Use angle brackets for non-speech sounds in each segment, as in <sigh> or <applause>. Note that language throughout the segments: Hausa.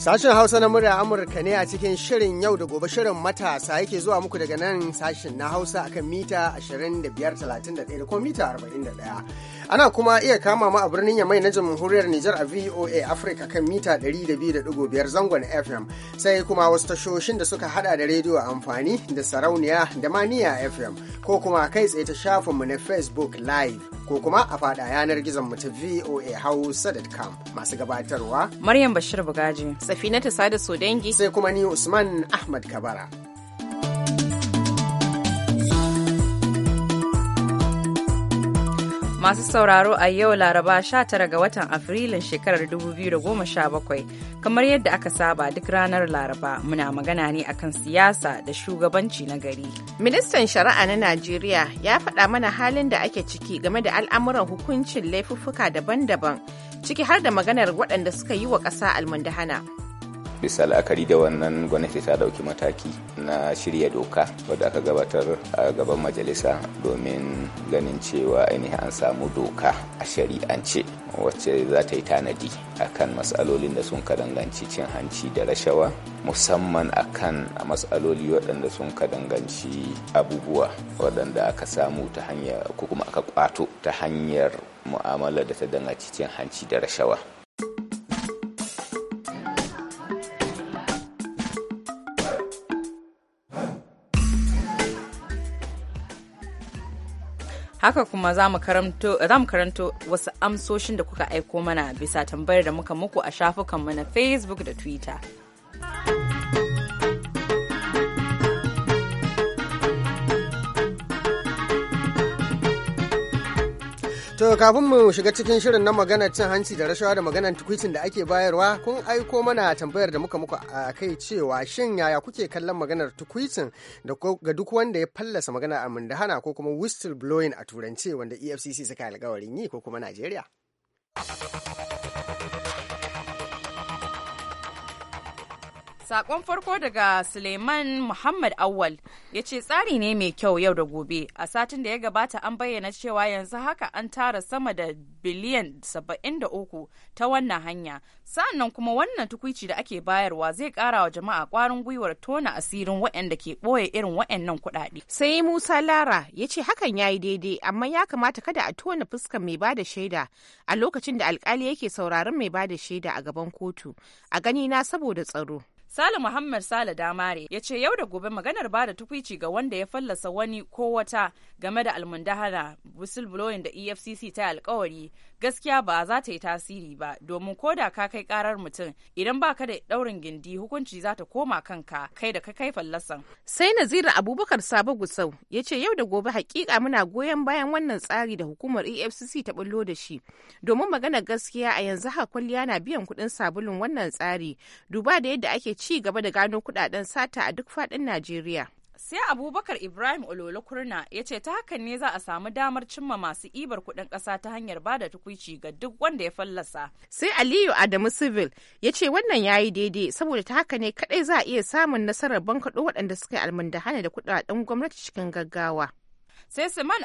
Sashen Hausa na murya Amurka ne a cikin shirin yau da gobe shirin matasa yake zuwa muku daga nan sashen na Hausa akan mita 25, 31 mita 41. Ana kuma iya kama mu a birnin Yamai na Jamhuriyar Nijar a VOA Africa kan mita 200.5 zangon FM sai kuma wasu tashoshin da suka hada da rediyo a amfani da sarauniya da maniya FM ko kuma kai tsaye ta shafinmu na Facebook Live ko kuma a fada yanar gizon mu ta VOA Hausa.com masu gabatarwa. Maryam Bashir Bugaji. ta Sada Sodengi. Sai kuma ni Usman Ahmad Kabara. Masu sauraro a yau Laraba 19 ga watan Afrilun shekarar 2017 kamar yadda aka saba duk ranar Laraba muna magana ne akan siyasa da shugabanci na gari. Ministan Shari'a na Najeriya ya faɗa mana halin da ake ciki game da al'amuran hukuncin laifuffuka daban-daban ciki har da maganar waɗanda suka yi wa ƙasa almundahana. bisa la'akari da wannan gwamnati ta dauki mataki na shirya doka wadda aka gabatar a gaban majalisa domin ganin cewa ainihin an samu doka a shari'ance wacce za ta yi tanadi a kan matsalolin da sun kadanganci cin hanci da rashawa musamman a kan matsaloli waɗanda sun kadanganci abubuwa waɗanda aka samu ta hanyar ko kuma aka kwato ta hanyar mu'amala da ta danganci cin hanci da rashawa haka kuma za mu karanto wasu amsoshin da kuka aiko mana bisa tambayar da muka muku a shafukanmu na facebook da twitter kafin mu shiga cikin shirin na maganar cin hanci da rashawa da maganar tukwicin da ake bayarwa kun aiko mana tambayar da muka muku a kai cewa shin yaya kuke kallon maganar tukwicin ga duk wanda ya fallasa magana a hana ko kuma whistle blowing a turance wanda efcc suka alkawarin yi ko kuma najeriya Sakon farko daga Suleiman Muhammad Awal ya ce tsari ne mai kyau yau da gobe. A satin da ya gabata an bayyana cewa yanzu haka an tara sama da biliyan 73 ta wannan hanya. Sa'annan kuma wannan tukwici da ake bayarwa zai kara wa jama'a kwarin gwiwar tona asirin waɗanda ke ɓoye irin waɗannan kuɗaɗe. Sai Musa Lara ya ce hakan ya yi daidai amma ya kamata kada a tona fuska mai bada shaida a lokacin da alkali yake sauraron mai bada shaida a gaban kotu. A gani na saboda tsaro. Sale Muhammad Sale Damare ya ce yau da gobe maganar ba da tukwici ga wanda ya fallasa wani ko wata game da almundahana whistleblowing da EFCC ta alkawari gaskiya ba za ta yi tasiri ba domin ko da ka kai karar mutum idan ba ka da daurin gindi hukunci za ta koma kanka kai da ka kai fallasan. Sai Nazira Abubakar Sabo Gusau ya ce yau da gobe hakika muna goyon bayan wannan tsari da hukumar EFCC ta bullo da shi domin magana gaskiya a yanzu haka kwalliya na biyan kuɗin sabulun wannan tsari duba da yadda ake ci gaba da gano kuɗaɗen sata a duk faɗin Najeriya. sai abubakar ibrahim ololo kurna ya ce ta hakan ne za a samu damar cimma masu ibar kuɗin ƙasa ta hanyar bada tukuici ga duk wanda ya fallasa sai aliyu adamu civil ya ce wannan ya yi daidai saboda ta haka ne kaɗai za a iya samun nasarar bankaɗo waɗanda suka yi almundahana da kuɗaɗen gwamnati cikin gaggawa sai Siman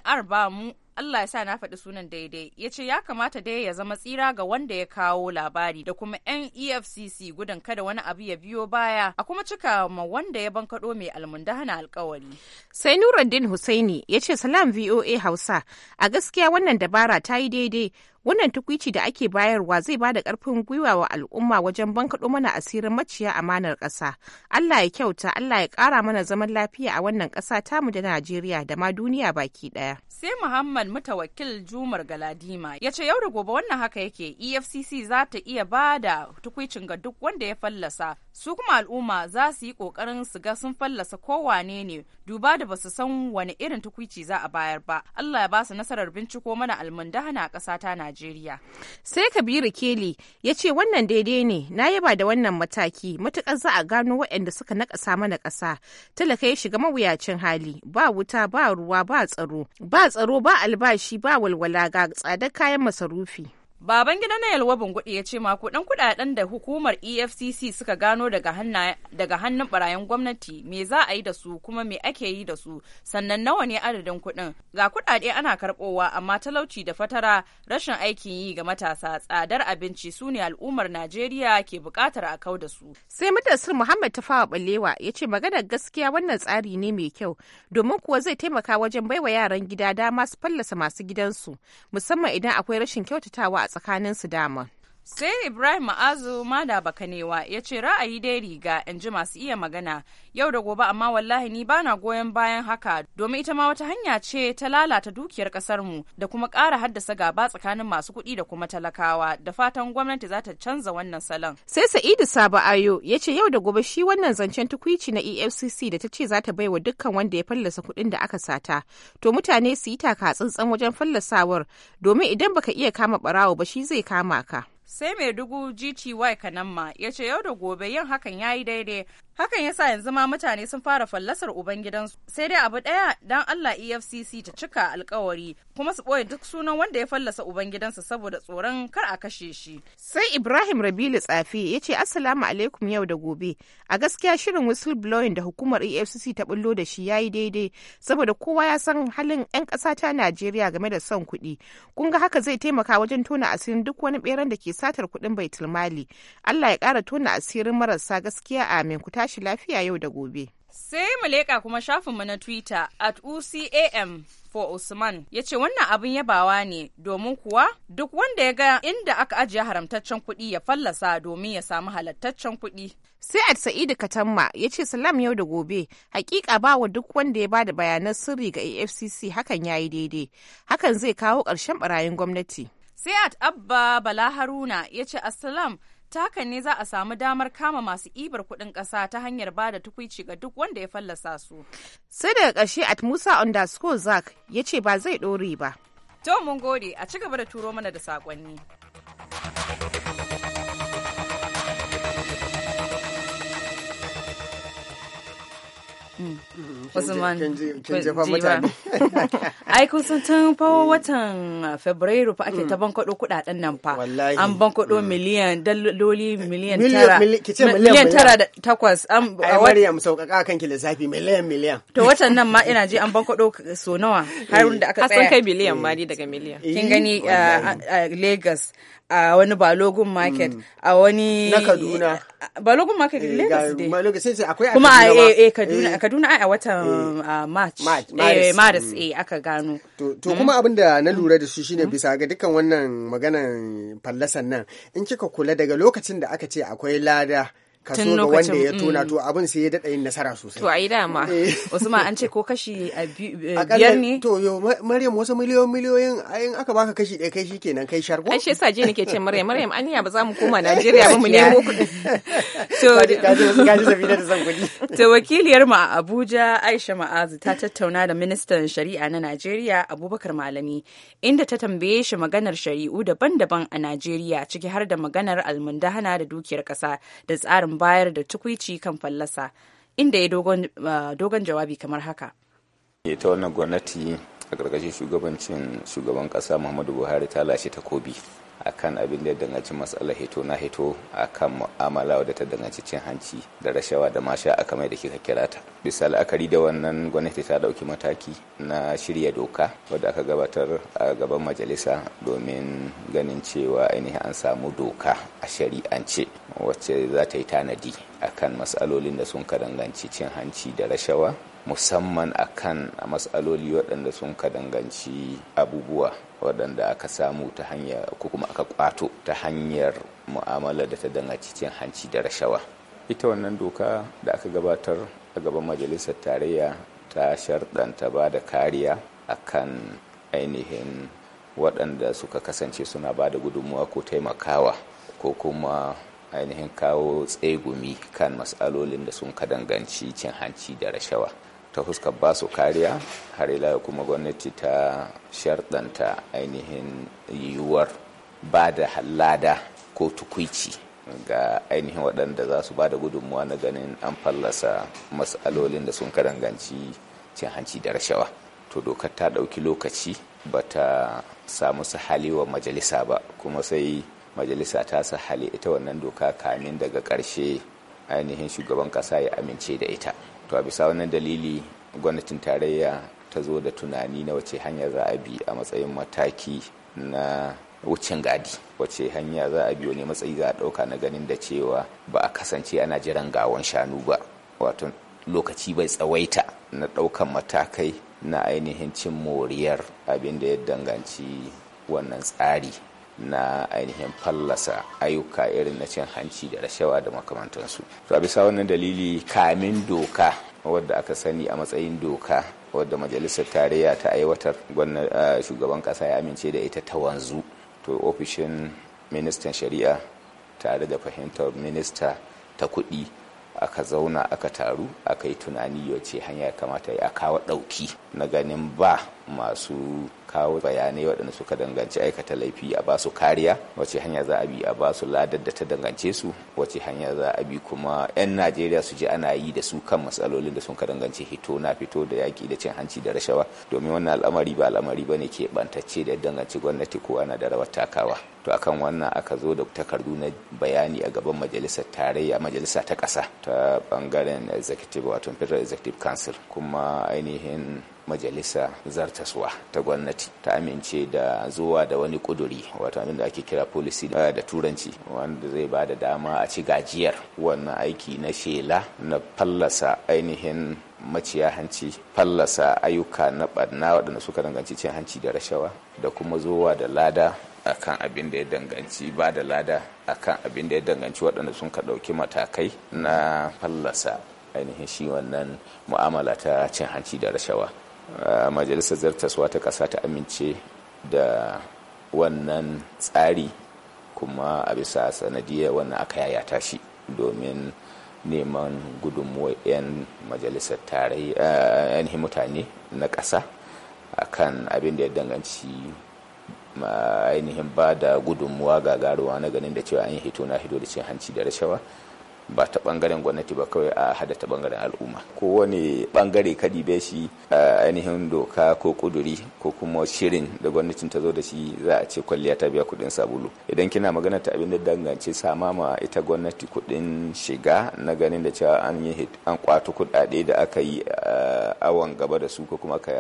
mu. Allah ya sa na faɗi sunan daidai ya ce ya kamata dai ya zama tsira ga wanda ya kawo labari da kuma yan EFCC gudun kada wani abu ya biyo baya a kuma cika ma wanda ya bankaɗo mai hana alkawari. Sai Nuruddin Husaini ya ce salam VOA Hausa a gaskiya wannan dabara ta yi daidai wannan tukwici da ake bayarwa zai bada karfin gwiwa wa al'umma wajen bankaɗo mana asirin maciya amanar ƙasa allah ya kyauta allah ya ƙara mana zaman lafiya a wannan ƙasa tamu da najeriya da ma duniya baki ɗaya sai muhammad Ahmad Mutawakil Jumar Galadima ya ce yau da gobe wannan haka yake EFCC za ta iya ba da tukwicin ga duk wanda ya fallasa su kuma al'umma za su yi kokarin su ga sun fallasa kowane ne duba da basu san wani irin tukwici za a bayar ba Allah ya ba su nasarar binciko mana almundahana a ƙasa ta Najeriya sai Kabiru Keli ya ce wannan daidai ne na yaba da wannan mataki matukar za a gano waɗanda suka naƙasa mana ƙasa talaka ya shiga mawuyacin hali ba wuta ba ruwa ba tsaro ba tsaro ba albashi ba walwala ga tsadar kayan masarufi Baban gida na yalwa Bunguɗi ya ce mako dan kudaden da hukumar EFCC suka gano daga hannun barayin gwamnati me za a yi da su kuma me ake yi da su sannan nawa ne adadin kuɗin. Ga kudade ana karɓowa amma talauci da fatara rashin aikin yi ga matasa tsadar abinci su ne al'ummar Najeriya ke buƙatar a kau da su. Sai matasar Muhammad Tafawa Balewa ya ce maganar gaskiya wannan tsari ne mai kyau domin kuwa zai taimaka wajen baiwa yaran gida dama su fallasa masu gidansu musamman idan akwai rashin kyautatawa a tsakanin su daman sai ibrahim ma'azu mada bakanewa ya ce ra'ayi dai riga in ji masu iya magana yau da gobe amma wallahi ni bana goyon bayan haka domin ita ma wata hanya ce ta lalata dukiyar kasar mu da kuma ƙara haddasa gaba tsakanin masu kuɗi da kuma talakawa da fatan gwamnati za ta canza wannan salon sai sa'idu sabo ayo ya ce yau da gobe shi wannan zancen tukwici na efcc da ta ce za ta bai wa dukkan wanda ya fallasa kuɗin da aka sata to mutane su yi taka tsantsan wajen fallasawar domin idan baka iya kama barawo ba shi zai kama ka sai mai dugu gty kanamma ya ce yau da gobe yin hakan ya yi daidai hakan ya sa yanzu ma mutane sun fara fallasar ubangidansu sai dai abu daya dan allah efcc ta cika alkawari kuma su ɓoye duk sunan wanda ya fallasa ubangidansa saboda tsoron kar a kashe shi sai ibrahim rabilu tsafi ya ce assalamu alaikum yau da gobe a gaskiya shirin whistleblowing da hukumar efcc ta bullo da shi ya yi daidai saboda kowa ya san halin 'yan ƙasa ta najeriya game da son kuɗi kun ga haka zai taimaka wajen tona asirin duk wani ɓeran da ke satar kuɗin baitulmali allah ya ƙara tona asirin marasa gaskiya amin ku tashi lafiya yau da gobe sai mu leƙa kuma shafinmu na twitter at ucam for Usman ya ce wannan abin yabawa ne domin kuwa duk wanda ya ga inda aka ajiye haramtaccen kuɗi ya fallasa domin ya samu halattaccen kuɗi. Sai a Sa'idu Katamma ya ce salam yau da gobe hakika ba wa duk wanda ya bada bayanan sirri ga AFCC hakan ya yi daidai hakan zai kawo ƙarshen barayin gwamnati. sai Sayat Abba Bala Haruna ya ce Assalam ta kan ne za a samu damar kama masu ibar kuɗin ƙasa ta hanyar ba da tukwici ga duk wanda ya fallasa su. Sai daga ƙarshe at Musa underscore Zak ya ce ba zai ɗore ba. To mun gode a ci gaba da turo mana da saƙonni. Usman <laughs> ai kun san tun fa watan uh, Fabrairu fa ake ta mm. bankwado kudaden nan fa an bankwado mm. miliyan daloli miliyan tara miliyan tara da takwas an ai Maryam sauƙaƙa kan ki lissafi miliyan miliyan to watan nan ma ina ji an bankwado so nawa eh. har da aka tsaya kai miliyan ma ni daga miliyan kin gani eh, a uh, uh, Lagos a wani balogun market mm. a wani na kaduna balogun market eh, lagos dai kuma a kaduna eh, eh, kaduna a watan uh, march maris mm. eh aka gano to mm. kuma abin da na lura da su shine bisa ga dukkan wannan maganan fallasan nan in kika kula daga lokacin da aka ce akwai lada kaso ga wanda ya tona mm. to abin sai ya daɗa yin nasara sosai to ai dama wasu <laughs> eh. ma an ce ko kashi eh, eh, biyar ne to yo maryam wasu miliyoyin miliyoyin ayin aka baka kashi ɗaya kai shikenan kai sharko an shi sa je nake ce maryam maryam an ba za mu koma <laughs> najeriya ba mu nemo kuɗi <laughs> to to wakiliyar mu a abuja aisha ma'azu ta tattauna da ministan shari'a na najeriya abubakar malami inda ta tambaye shi maganar shari'u daban-daban a najeriya ciki har da maganar almundahana da dukiyar ƙasa da tsarin bayar da tukwici kan fallasa inda ya uh, dogon jawabi kamar haka ita wannan gwamnati a ƙarƙashin shugabancin shugaban ƙasa muhammadu buhari ta lashe takobi A kan abin da ya danganci matsalar hito na hito akan mu'amala da ta danganci cin hanci da rashawa da masha aka kamar da kika kira ta bisa la'akari da wannan gwamnati ta dauki mataki na shirya doka wadda aka gabatar a gaban majalisa domin ganin cewa ainihin an samu doka a shari'ance wacce za ta yi tanadi a kan matsalolin da sun ka danganci cin hanci da rashawa musamman akan matsaloli waɗanda sun ka danganci abubuwa waɗanda aka samu ta hanyar ko kuma aka kwato ta hanyar mu'amala da ta dangaci cin hanci da rashawa ita wannan doka da aka gabatar a gaban majalisar tarayya ta sharɗanta ba da kariya akan ainihin waɗanda suka kasance suna ba da gudunmuwa ko taimakawa ko kuma ainihin kawo tsegumi kan matsalolin da sun ka danganci cin hanci da rashawa ta fuskar su kariya har ila kuma gwamnati ta sharɗanta ainihin yiwuwar ba da hallada ko tukwici ga ainihin waɗanda za su ba da gudunmuwa na ganin an fallasa matsalolin da sun karanganci cin hanci da rashawa to dokar ta ɗauki lokaci ba ta samu hali wa majalisa ba kuma sai majalisa ta hali ita wannan doka kamin daga ƙarshe ainihin shugaban ƙasa ya amince da ita to a bisa wannan dalili gwamnatin tarayya ta zo da tunani na wace hanya za a bi a matsayin mataki na wucin gadi wace hanya za a biyo ne matsayi za a ɗauka na ganin da cewa ba a kasance ana jiran gawon shanu ba wato lokaci bai tsawaita na ɗaukan matakai na ainihin cin moriyar abin da ya danganci wannan tsari na ainihin fallasa ayyuka irin na cin hanci da rashawa da makamantansu to a bisa wannan dalili kamin doka wadda aka sani a matsayin doka wadda majalisar tarayya ta aiwatar shugaban kasa ya amince da ita ta wanzu to ofishin ministan shari'a tare da fahimtar minista ta kuɗi aka zauna aka taru aka yi tunani ce hanya kamata ya kawo ɗauki na ganin ba masu kawo bayanai waɗanda suka danganci aikata laifi a basu kariya wace hanya za a bi a basu ladar da ta dangance su wace hanya za a bi kuma 'yan najeriya su ji ana yi da su kan matsalolin da sun ka danganci hito na fito da yaƙi da cin hanci da rashawa domin wannan al'amari ba al'amari ba ne ke bantacce da danganci gwamnati kowa na da rawar takawa to akan wannan aka zo da takardu na bayani a gaban majalisar tarayya majalisa ta ƙasa ta bangaren executive wato federal executive council kuma ainihin majalisa zartaswa ta gwamnati ta amince da zuwa da wani kuduri wato abin da ake kira policy da turanci wanda zai ba da dama a ci gajiyar wannan aiki na shela na fallasa ainihin maciya hanci fallasa ayyuka na barna waɗanda suka danganci cin hanci da rashawa da kuma zuwa da lada akan abin da ya danganci ba da lada akan abin da ya danganci waɗanda sun ka ɗauki matakai na fallasa ainihin shi wannan mu'amala ta cin hanci da rashawa majalisar zartaswa ta ƙasa ta amince da wannan tsari kuma a bisa sanadiyar wannan aka yayata shi domin neman gudunmuwar 'yan majalisar tarayya 'yan mutane na ƙasa kan abin da ya danganci ainihin ba da gudunmuwa gagaruwa na ganin da cewa an hito na hito da cin hanci da rashawa ba ta bangaren gwamnati ba kawai a hada ta bangaren al'umma ko wani bangare ka dibe shi a ainihin doka ko kuduri ko kuma shirin da gwamnatin ta zo da shi za a ce kwalliya ta biya kudin sabulu idan kina magana ta abin da dangance sama ma ita gwamnati kudin shiga na ganin da cewa an yi an kwato kudade da aka yi awon gaba da su ko kuma ka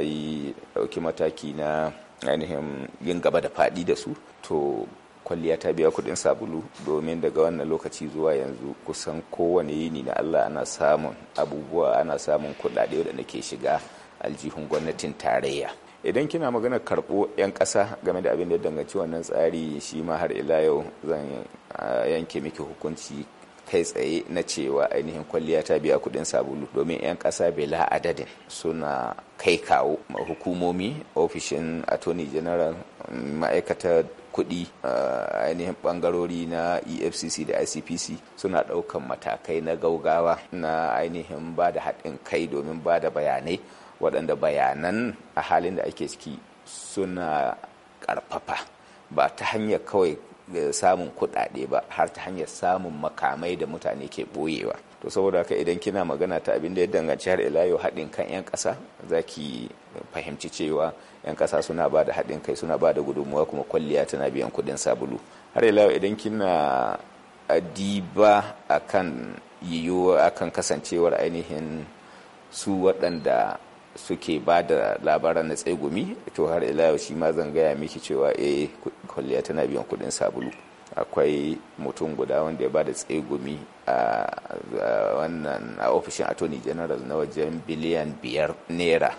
yi dauki mataki na ainihin yin gaba da faɗi da su to kwalliya ta biya kuɗin sabulu domin daga wannan lokaci zuwa yanzu kusan kowane yini na Allah ana samun abubuwa ana samun kuɗaɗe da nake shiga aljihun gwamnatin tarayya idan kina magana karɓo 'yan ƙasa game da abin da danganci wannan tsari shi ma har ila yau zan yanke miki hukunci kai tsaye na cewa ainihin kwalliya ta biya kuɗin sabulu domin 'yan kasa bela adadin suna kai kawo hukumomi ofishin attorney general ma'aikatar kuɗi ainihin ɓangarori na efcc da icpc suna ɗaukan matakai na gaugawa na ainihin ba da haɗin kai domin ba da bayanai waɗanda bayanan a halin da ake ciki suna ƙarfafa ba ta hanyar kawai eh, samun kuɗaɗe ba har ta hanyar samun makamai da mutane ke ɓoyewa to saboda haka idan kina magana ta abin da ya danganci har ila yau haɗin kan 'yan ƙasa za ki fahimci cewa 'yan ƙasa suna ba da haɗin kai suna ba da gudunmuwa kuma kwalliya tana biyan kuɗin sabulu har ila yau idan kina a akan yiwuwa kan kasancewar ainihin su waɗanda suke ba da labaran na tsegumi to har ila yau shi ma zan gaya miki cewa eh kwalliya tana biyan kuɗin sabulu akwai mutum guda wanda ya bada tsegumi a wannan a ofishin attorney general na wajen biliyan biyar naira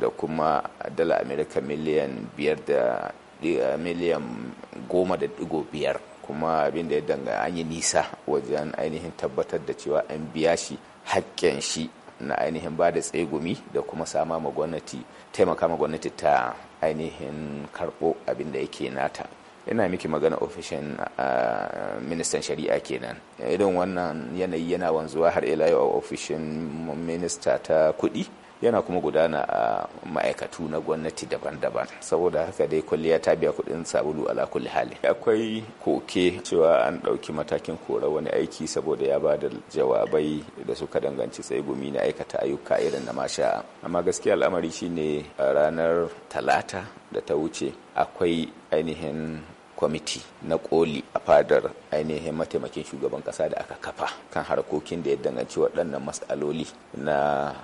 da kuma dala amerika miliyan biyar da eh, miliyan goma da digo biyar kuma abin ya danga an yi nisa wajen ainihin tabbatar da cewa an biya shi haƙƙin shi na ainihin ba da tsegumi da kuma sama ma gwamnati taimaka ma gwamnati ta ainihin karɓo abinda yake nata ina miki magana ofishin ministan shari'a kenan irin wannan yanayi yana wanzuwa har ila yau a ofishin minista ta kuɗi yana kuma gudana a ma'aikatu na gwamnati daban-daban saboda haka dai kwalliya ta biya kuɗin sabulu ala kulli hali akwai koke cewa an ɗauki matakin kora wani aiki saboda ya ba da jawabai da suka danganci sai gumi na aikata ayyuka irin na masha amma gaskiya al'amari shine a ranar talata da ta wuce akwai ainihin kwamiti na koli a fadar ainihin mataimakin shugaban kasa da aka kafa kan harkokin da ya danganci waɗannan matsaloli na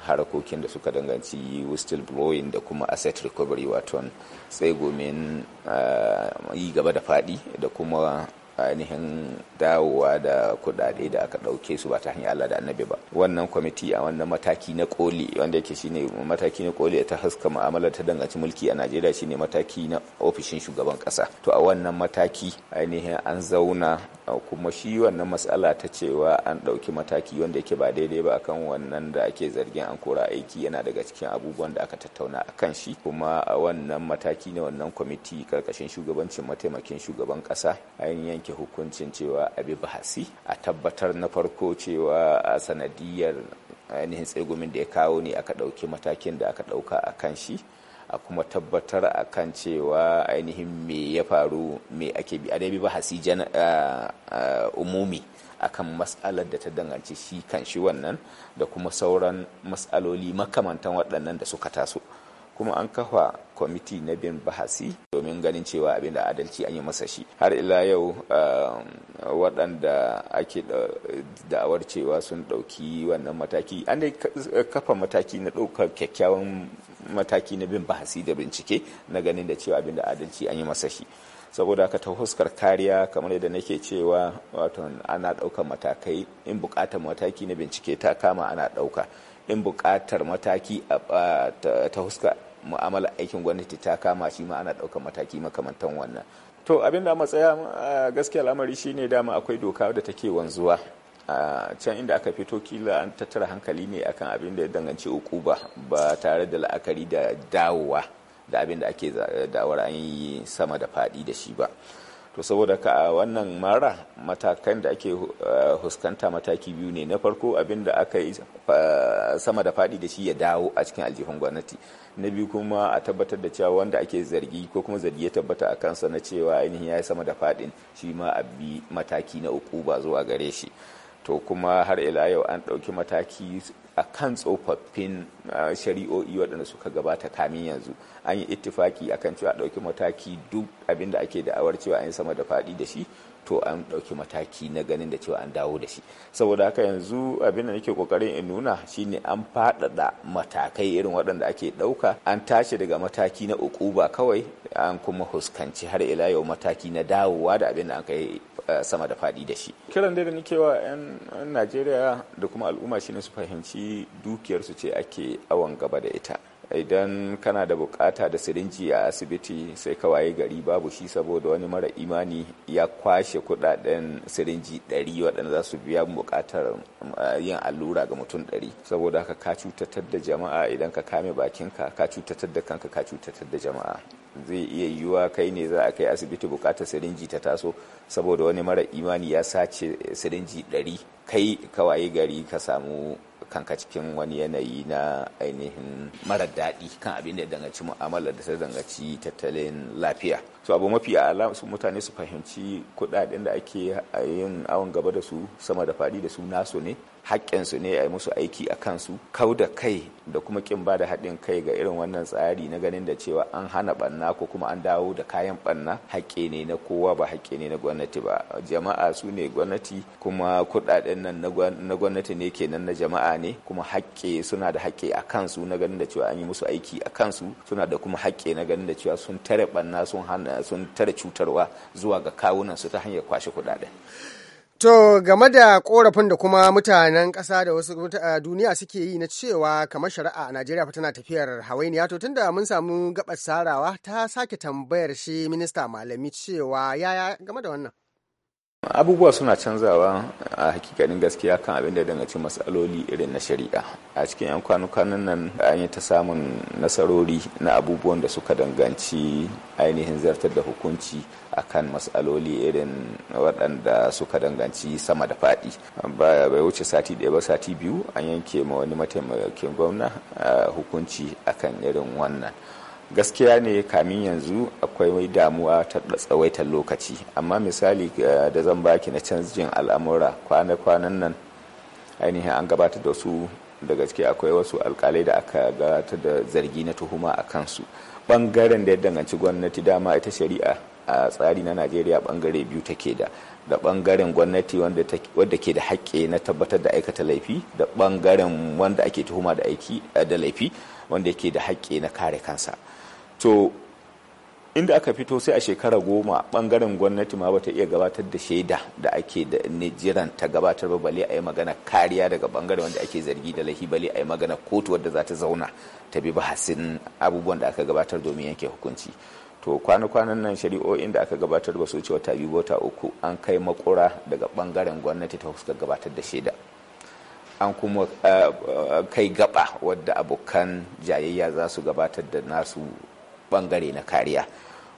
harkokin da suka danganci whistle blowing da kuma asset recovery wato tsegomin eh, yi gaba da faɗi da kuma ainihin dawowa da kudade da aka dauke su ba ta hanyar Allah da annabi ba wannan kwamiti a wannan mataki na koli wanda yake shine mataki na koli ta haska mu'amala ta dangantaci mulki a Najeriya shine mataki na ofishin shugaban kasa to a wannan mataki ainihin an zauna kuma shi wannan matsala ta cewa an dauki mataki wanda yake ba daidai ba akan wannan da ake zargin an kora aiki yana daga cikin abubuwan da aka tattauna akan shi kuma a wannan mataki na wannan kwamiti karkashin shugabancin mataimakin shugaban kasa ainihin yanke hukuncin cewa abi bahasi a tabbatar na farko cewa a sanadiyar ainihin tsegumin da ya kawo ne aka ɗauki matakin da aka ɗauka a kan shi a kuma tabbatar a kan cewa ainihin me ya faru me ake bi a dai bahasi umumi a kan matsalar da ta danganci shi kan shi wannan da kuma sauran matsaloli makamantan waɗannan da suka taso kuma an kafa kwamiti na bin bahasi domin ganin cewa abin da adalci an yi masa shi har ila yau um, waɗanda ake da'awar cewa sun ɗauki wannan mataki an dai kafa mataki na ɗaukar kyakkyawan mataki na bin bahasi da bincike na ganin da cewa abin da adalci an yi masa shi saboda haka ta huskar kariya kamar yadda nake cewa wato ana ɗaukar matakai in bukatar mataki na bincike ta kama ana ɗauka in buƙatar mataki ta huska mu'amala aikin gwamnati ta kama shi ma ana ɗaukar mataki makamantan wannan to abin da matsaya gaskiya al'amari shine dama akwai doka da take wanzuwa a can inda aka fito kila an tattara hankali ne akan abin da ya danganci uku ba tare da la'akari da dawowa da abin da ake dawar an yi sama da faɗi da shi ba to saboda ka a wannan mara matakan da ake eh, huskanta mataki biyu ne na farko abinda aka yi eh, sama da fadi da shi ya dawo a cikin aljihun gwamnati na biyu kuma a tabbatar da cewa wanda ake zargi ko kuma zargi ya tabbata a kansa na cewa ainihin ya yi sama da fadin shi ma a bi mataki na uku ba zuwa gare shi to kuma har ila yau an ɗauki mataki a kan tsofaffin shari'o'i waɗanda suka gabata kamin yanzu an yi ittifaki kan cewa ɗauki mataki duk abin da ake da'awar cewa an yi sama da faɗi da shi to an ɗauki mataki na ganin da cewa an dawo da shi saboda haka yanzu abin da nake kokarin in nuna shine an faɗaɗa matakai irin waɗanda ake ɗauka an tashi daga mataki na ukuba kawai an kuma huskanci har ila yau mataki na dawowa da abin da aka yi Eh, sama da faɗi da shi kiran da nake wa 'yan najeriya da kuma al'umma shine su fahimci dukiyarsu ce ake awon gaba da ita idan kana da bukata da sirinji a asibiti sai ka waye gari babu shi saboda wani mara imani ya kwashe kudaden sirinji 100 waɗanda za su biya bukatar eh, yin allura ga mutum 100 saboda haka ka cutatar da jama'a idan ka kame bakinka ka cutatar da kanka ka cutatar da jama'a zai iya yiwuwa kai ne za a kai asibiti bukatar sirinji ta taso saboda wani mara imani ya sace sirinji ɗari kai kawaye gari ka samu kanka cikin wani yanayi na ainihin mara daɗi kan abin da ya mu'amala da ta dangaci tattalin lafiya so abu mafi ala su mutane su fahimci kuɗaɗen da ake yin awon gaba da su sama da faɗi da su nasu ne haƙƙinsu ne a yi musu aiki a kansu kau da kai da kuma ƙin ba da haɗin kai ga irin wannan tsari na ganin da cewa an hana ɓanna ko kuma an dawo da kayan ɓanna haƙƙi ne na kowa ba haƙƙi ne na gwamnati ba jama'a su ne gwamnati kuma kuɗaɗen nan na gwamnati ne kenan na jama'a ne kuma haƙƙi suna da haƙƙi a kansu na ganin da cewa an yi musu aiki a kansu suna da kuma haƙƙi na ganin da cewa sun tare ɓanna sun tare cutarwa zuwa ga kawunan su ta hanyar kwashe kuɗaɗen. To game da korafin da kuma mutanen ƙasa da wasu duniya suke yi na cewa kamar shari'a a Najeriya fa tana tafiyar hawainiya to tunda mun samu gabar sarawa ta sake tambayar shi minista malami cewa yaya game da wannan. abubuwa suna canzawa a hakikanin gaskiya kan abin da dangaci matsaloli irin na shari'a a cikin 'yan kwanukanan nan an yi ta samun nasarori na abubuwan da suka danganci ainihin zartar da hukunci akan matsaloli irin waɗanda suka danganci sama da faɗi baya bai wuce sati ɗaya ba sati biyu an yanke ma wani mataimakin gwamna hukunci akan irin wannan gaskiya ne kamin yanzu akwai damuwa ta tsawaitar lokaci amma misali da zan baki na canjin al'amura kwanan nan ainihin an gabatar da su da gaske akwai wasu alkalai da aka gata da zargi na tuhuma a kansu ɓangaren da ya danganci gwamnati dama ita shari'a a tsari na najeriya bangare biyu take da da bangaren gwamnati wanda ke da haƙƙi na tabbatar da aikata laifi da bangaren wanda ake tuhuma da aiki eh, da laifi wanda ke da haƙƙi na kare kansa to inda aka fito sai a shekara goma bangaren gwamnati ma bata iya gabatar da shaida da ake da jiran ta gabatar ba bale a yi magana kariya daga bangare wanda ake zargi da laifi bale a yi magana kotu wadda za ta zauna ta bi bahasin abubuwan da aka gabatar domin yanke hukunci to kwana-kwanan nan shari'o'in da aka gabatar ba su wuce wata biyu wata uku an kai makura daga bangaren gwamnati ta suka gabatar da shaida an kuma eh, eh, kai gaba wadda abokan jayayya za su gabatar da nasu bangare na kariya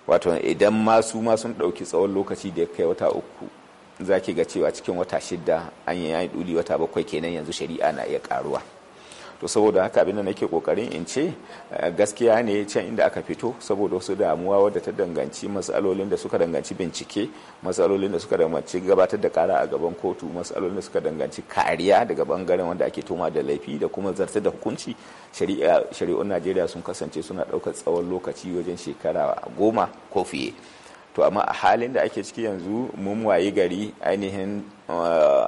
wato idan masu ma sun ɗauki tsawon lokaci da ya kai wata uku za ga cewa cikin wata shida an yi duli wata bakwai kenan yanzu shari'a na iya karuwa to saboda haka abin da nake kokarin in ce eh, gaskiya ne can inda aka fito saboda wasu damuwa wadda ta danganci matsalolin da suka danganci bincike matsalolin da suka danganci gabatar da kara a gaban kotu matsalolin da suka danganci kariya daga bangaren wanda ake toma da laifi da kuma zartar da hukunci shari'un najeriya sun kasance suna ɗaukar tsawon lokaci wajen shekara goma ko fiye to amma a halin da ake ciki yanzu mun waye gari ainihin eh,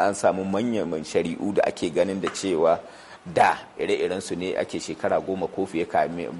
an samu manyan shari'u da ake ganin da cewa da ire-iren su ne ake shekara goma ko fiye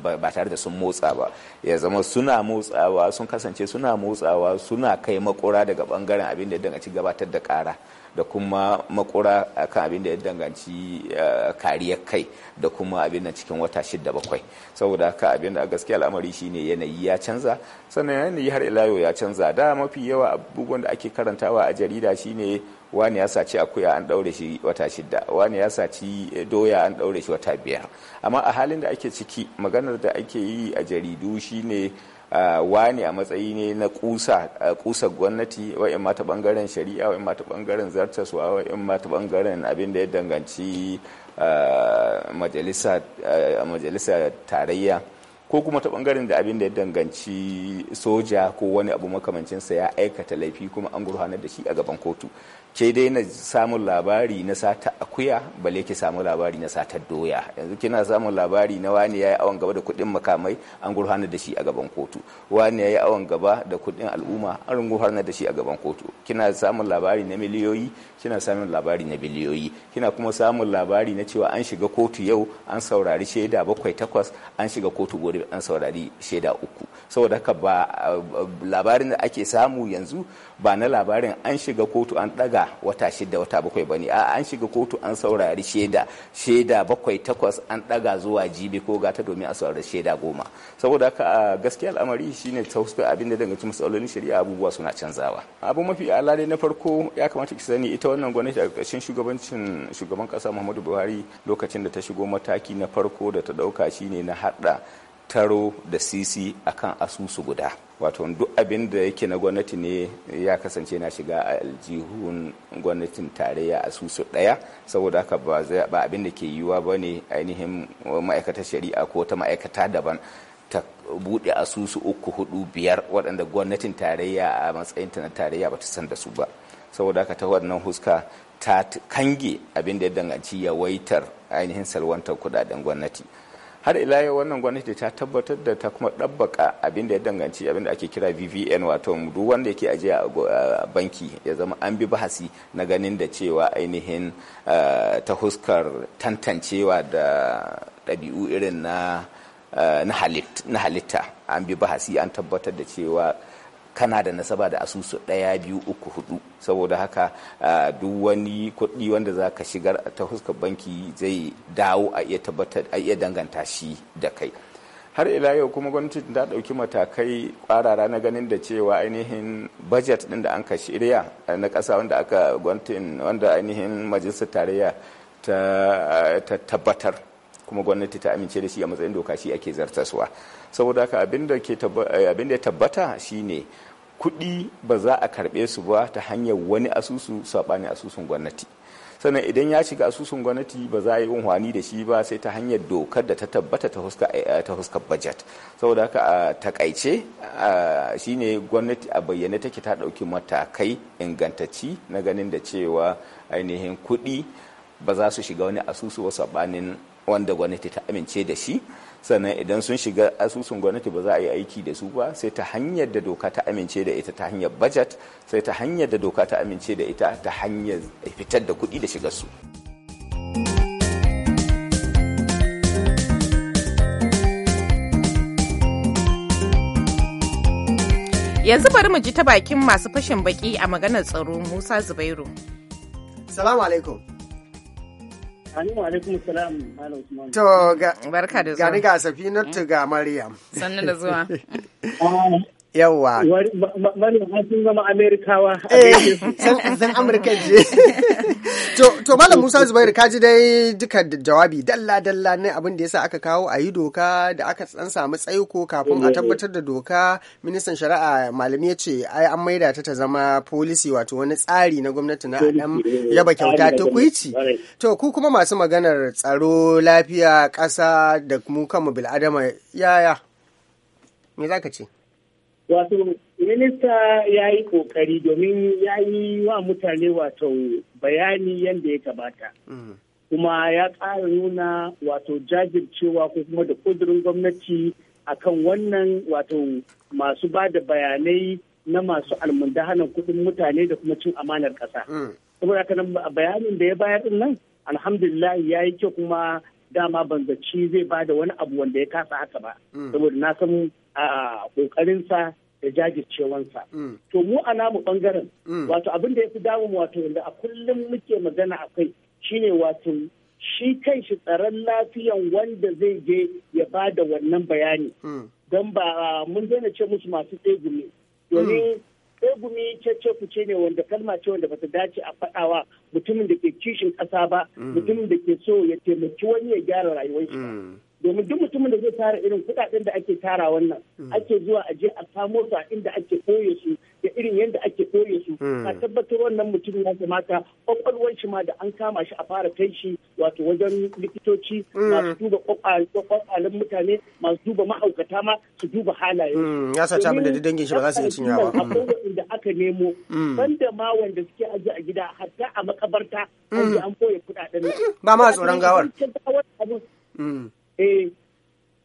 ba tare da sun motsa ba ya zama suna motsawa sun kasance suna motsawa suna kai makura daga bangaren abin da ya danganci gabatar da kara da kuma makura kan abin da ya danganci eh, kariyar kai da kuma abin da cikin wata shida bakwai saboda haka abin da gaskiya al'amari shine yanayi ya canza sannan yanayi har ila ya canza da mafi yawa abubuwan da ake karantawa a jarida shine wani ya saci akuya an daure shi wata shida wani ya saci eh, doya an daure shi wata biyar amma a halin da ake ciki maganar da ake yi a jaridu shine ah, wani a matsayi ne na kusa kusa ah, gwamnati wa'in mata bangaren shari'a wa'in mata bangaren zartaswa wa'in mata bangaren abin da ya danganci ah, majalisa tarayya ko kuma ta bangaren da abin da ya danganci soja ko wani abu makamancinsa ya aikata laifi kuma an gurhanar da shi a gaban kotu ke dai na samun labari na sata akuya bale ki samun labari na sata doya yanzu kina samun labari na wani yayi awon gaba da kuɗin makamai an gurhana da shi a gaban kotu wani yayi awon gaba da kuɗin al'umma an gurhana da shi a gaban kotu kina samun labari na miliyoyi kina samun labari na biliyoyi kina kuma samun labari na cewa an shiga kotu yau an saurari shaida bakwai takwas an shiga kotu gobe an saurari shaida uku saboda haka ba labarin da ake samu yanzu ba na labarin an shiga kotu an daga wata shida wata bakwai bane ne a an shiga kotu an saurari shaida shaida bakwai takwas an ɗaga zuwa jibi ko gata domin a saurari shaida goma saboda haka gaskiya al'amari shine ta wasu abin da danganci matsalolin shari'a abubuwa suna canzawa abu mafi alade na farko ya kamata ki sani ita wannan gwamnati a ƙarshen shugabancin shugaban kasa muhammadu buhari lokacin da ta shigo mataki na farko da ta ɗauka shine na haɗa taro da sisi a kan asusu guda wato duk abin da yake na gwamnati ne ya kasance na shiga a aljihun gwamnatin tarayya asusu daya saboda haka ba abin da ke yiwuwa ba ne ainihin ma'aikatar shari'a ko ta ma'aikata daban ta buɗe asusu uku hudu biyar waɗanda gwamnatin tarayya a matsayin ta na tarayya ba ta san da su ba saboda haka ta wannan huska ta kange abin da ya danganci yawaitar ainihin salwantar kudaden gwamnati har ila yau wannan gwamnati ta tabbatar da ta kuma ɗabbaka abin da ya danganci abin da ake kira vvn wato duk wanda yake ajiya a banki ya zama an bi bahasi na ganin da cewa ainihin eh, ta huskar tantancewa da ɗabi'u irin eh, na halitta an bi bahasi an tabbatar da cewa kana da nasaba da asusu ɗaya biyu uku hudu saboda haka duk wani kuɗi wanda za ka shigar ta fuskar banki zai dawo a iya tabbatar a iya danganta shi da kai har ila yau kuma gwamnati ta ɗauki matakai ƙwarara na ganin da cewa ainihin budget ɗin da an ka shirya na kasa wanda aka gwamnati wanda ainihin majalisar tarayya ta tabbatar kuma gwamnati ta amince da shi a matsayin doka shi ake zartaswa saboda haka abin da ya tabbata shine kuɗi ba za a karɓe su ba ta hanyar wani asusu saɓani asusun gwamnati sannan idan ya shiga asusun gwamnati ba za a yi unhwani da shi ba sai ta hanyar dokar da ta tabbata ta eh, huskar budget saboda haka a takaice shine gwamnati a bayyane take ta ɗauki matakai ingantacci na ganin da cewa ainihin kuɗi ba za su shiga wani asusu wa saɓanin wanda gwamnati ta amince da shi sannan idan sun shiga asusun gwamnati ba za a yi aiki da su ba sai ta hanyar da doka ta amince da ita ta hanyar budget sai ta hanyar da doka ta amince da ita ta hanyar fitar da kuɗi da shigar su. yanzu bari mu ji ta bakin masu fashin baki a maganar tsaro musa zubairu salamu To ga barka da zuwa. Gani ga safi na ga Maryam. Sannu da zuwa. <laughs> Ah, yawa manoma amerikawa san <laughs> eh, amurka je <laughs> to malam musa zubairu ka ji dai duka jawabi dalla dalla ne abin da yasa aka kawo a yi doka da aka dan samu tsaiko kafin a tabbatar da doka ministan shari'a malami ya ce ai an maida ta ta zama policy wato wani tsari na gwamnati na adam eh, yaba kyauta ta kuici to ku kuma masu maganar tsaro lafiya ƙasa da mu kanmu bil'adama yaya me za ka ce wato minista ya yi kokari domin ya yi wa mutane wato bayani yadda ya kamata mm. kuma ya ƙara nuna wato jajircewa ko kuma da ƙudurin gwamnati akan wannan wato masu ba da bayanai na masu almundahanan kuɗin mutane da kuma cin amanar ƙasa. Mm. saboda haka nan bayanin da ya bayar din nan alhamdulillah ya yi kyau kuma dama banzaci zai bada wani abu wanda ya kasa haka ba mm. saboda na san a ƙoƙarinsa da jajircewansa. Mm. To mu a namu ɓangaren, mm. wato abin da ya fi damu wato wanda a kullum muke magana a kai shine wato shi kan shi tsaron lafiyan wanda zai je ya ba da wannan bayani. Mm. Don ba mun daina ce musu masu tsegumi. Domin tsegumi cece ce ne wanda kalma ce wanda bata dace a faɗawa mutumin da ke kishin ƙasa ba, mutumin da ke so ya taimaki wani ya gyara rayuwar shi. domin duk mutumin da zai tara irin kudaden da ake tara wannan hmm. ake zuwa a je a samo su a inda ake koye su da irin yadda ake koye su hmm. a tabbatar wannan mutum ya kamata kwakwalwar shi ma da an kama shi a fara kai shi wato wajen likitoci hmm. masu duba kwakwalen mutane masu duba ma'aukata ma su duba halaye. ya sa cabin da dangin shi ba za su iya cinyawa. da aka nemo banda ma wanda suke aji a gida hatta a makabarta an koye kuɗaɗen. ba ma tsoron gawar. Eh,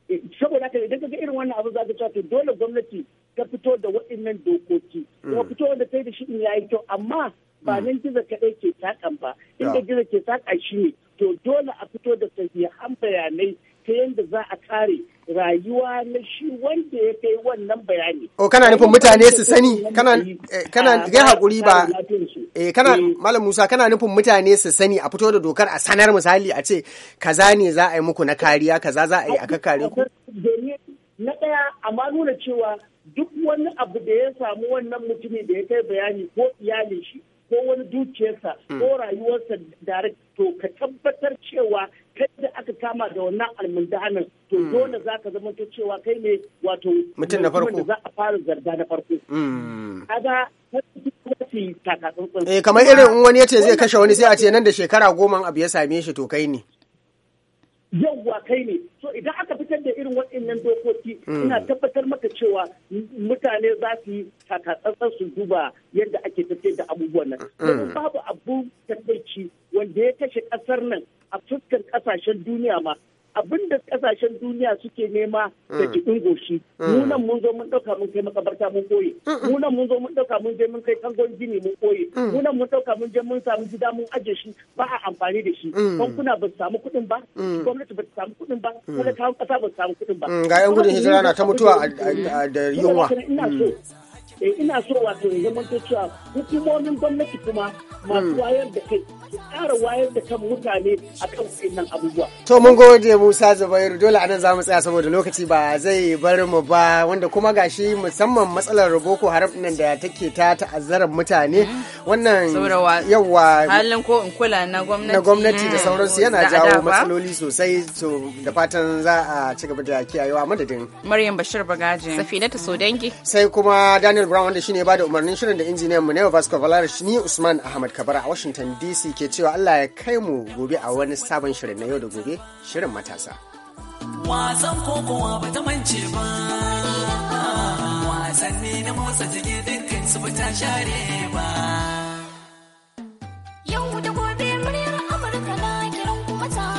eh saboda haka idan ga irin wannan abu za ka to dole gwamnati ta fito da waɗannan dokoki mm. kuma fito wanda ta da shi in yayi kyau amma ba mm. nan gizo kaɗai ke takan ba inda gizo ke saka shi ne to dole a fito da sahihan bayanai ta yanda za a kare rayuwa na shi wanda ya kai wannan bayani. O oh, kana nufin mutane su sani kana ga eh, ah, hakuri ba eh kana eh. malam Musa kana nufin mutane su sani a fito da dokar a sanar misali a ce kaza ne za a yi muku na kariya kaza za a yi a kakkare ku. Na daya amma nuna cewa duk wani abu da ya samu wannan mutumin da ya kai bayani ko iyalin shi ko wani dukiyarsa hmm. ko rayuwarsa da to ka tabbatar cewa kama da wannan almundahamin to hmm. dole za ka zama ta cewa kai ne wato mutum na farko za a fara zarga na farko hmm. kaga Eh kamar irin in wani yace zai kashe wani sai a ce nan da shekara goma abu ya same shi to kai ne. Yawwa kai ne. So idan aka fitar da irin waɗannan dokoki hmm. ina tabbatar maka cewa mutane za su yi takatsantsan su duba yadda ake tafiyar da abubuwan nan. Babu abu tabbaci wanda ya kashe kasar nan a fuskar kasashen duniya ma abin da kasashen duniya suke nema da mm. kiɗin goshi mm. munan mun zo mun ɗauka mun kai makabarta mun koye nunan mun zo mun ɗauka mun je mun kai kangon gini mun koye munan mm. mun ɗauka mun je mun samu gida mun aje shi ba a amfani da shi bankuna ba su samu kuɗin ba gwamnati ba su samu kuɗin ba kawon ƙasa ba su samu kuɗin ba ga yan gudun hijira na ta mutuwa da yunwa ina so eh, ina so wato ya zama cewa hukumomin gwamnati kuma masu wayar da kai kara wayar da kan mutane a kan wannan abubuwa. To mun gode Musa Zubairu dole anan za mu tsaya saboda lokaci ba zai bar mu ba wanda kuma gashi musamman matsalar Boko Haram nan da take ta ta'azzarar mutane wannan yawa halin ko in kula na gwamnati na gwamnati da hmm, sauransu yana jawo matsaloli sosai to da fatan za a ci gaba da kiyayewa madadin. Maryam Bashir Bagaje. ta Sodangi. Sai kuma Daniel Brown wanda shine ya da umarnin shirin da injiniyan mu ne Vasco Valar ni Usman Ahmad Kabara a Washington DC ke ce. cewa Allah ya kai mu gobe a wani sabon shirin na yau da gobe shirin matasa. Wasan kokowa ba ta mance ba, wasanni na motsa jiki dukkan su ba ta share ba. Yau da gobe muryar Amurka na kiran kuma ta